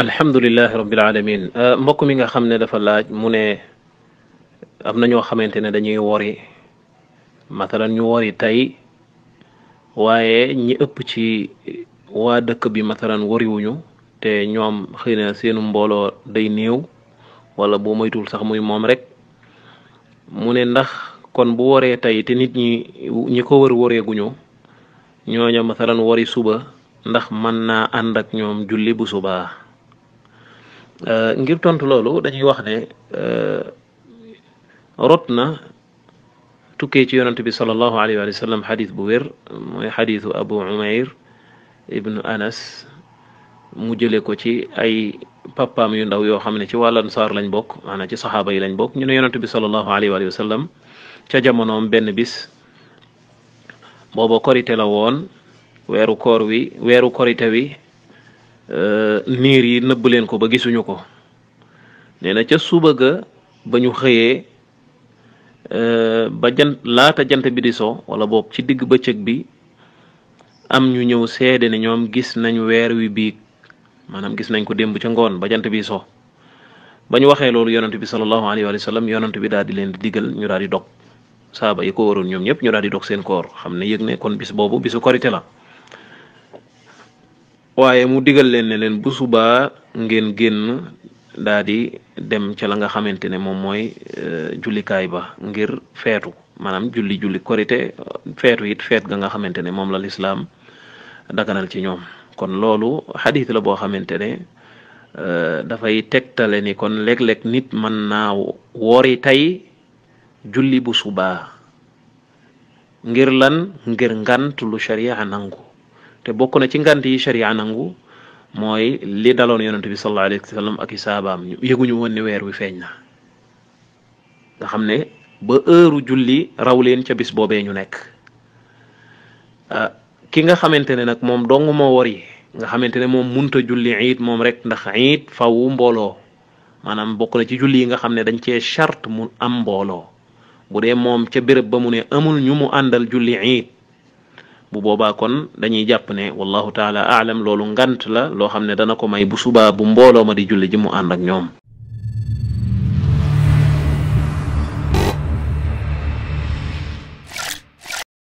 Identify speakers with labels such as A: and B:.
A: alhamdulilah rabbil alamin euh, mbokk mi nga xam ne dafa laaj mu ne am na ñoo xamante ne dañuy wori matalan ñu wori tey waaye ñi ëpp ci waa dëkk bi matalan wariwuñu te ñoom xëy na seenu mbooloo day néew wala boo moytul sax muy moom rek mu ne ndax kon bu woree tey te nit ñi ñi ko wër woreeguñu ñooñu matalan wori suba ndax man naa ànd ak ñoom julli bu subaa eh, ngir tontu loolu dañuy wax ne eh, rot na tukkee ci yonent bi sallallahu alayhi wa sallam xadis bu wér mooy xadisu abu umair ibnu anas mu jële ko ci ay papaam yu ndaw yoo xam ne ci wàll ansaar lañ bokk maanaam ci saxaaba yi lañ bokk ñu ne yonent bi sallallahu alayhi wa sallam ca jamonoom benn bis booba korite la woon wéru koor wi wéru korite wi eh, niir yi nëbb leen ko ba gisuñu ko nee na ca suba ga ba ñu xëyee eh, ba jant laata jant bi di so wala boog ci digg bëccëg bi am ñu ñëw seede ne ñoom gis nañ weer wi biig maanaam gis nañ ko démb ca ngoon ba jant bi so ba ñu waxee loolu yonent bi salallahu alayhi wa sallam yonent bi daal di leen di digal ñu daal di dog saaba yi ko waroon ñoom ñëpp ñu daal di dog seen koor xam ne yëg ne kon bis boobu bisu korite la waye mu digal len ne ngin bu suba ngeen genn dem ci la nga xamantene ne moy euh, julli kay ba ngir fetu manam julli julli korité fetu yit fet ga nga xamantene ne la l'islam daganal ci ñom kon lolu hadith la boo xamante ne euh, dafay ni kon lek lek nit man na wori tay julli bu suba ngir lan ngir ngant lu sharia nangu te bokk na ci ngant yi sharia nangu mooy li daloon yonent bi sallallahu alayhi ak i saabaam yëguñu woon ni weer wi feeñ na nga xam ne ba heure julli raw leen ca bis boobee ñu nekk ah, ki nga xamante ne nag moom dong moo war nga xamante ne moom munta julli iit moom rek ndax iit fawu mbooloo maanaam bokk na ci julli yi nga xam ne dañ cee charte mun am mbooloo bu dee moom ca bërëb ba mu ne amul ñu mu àndal julli iit bu boobaa kon dañuy jàpp ne wallahu taala aalam loolu ngant la loo xam ne dana ko may bu subaa bu mbooloo ma di julli ji mu ànd ak ñoom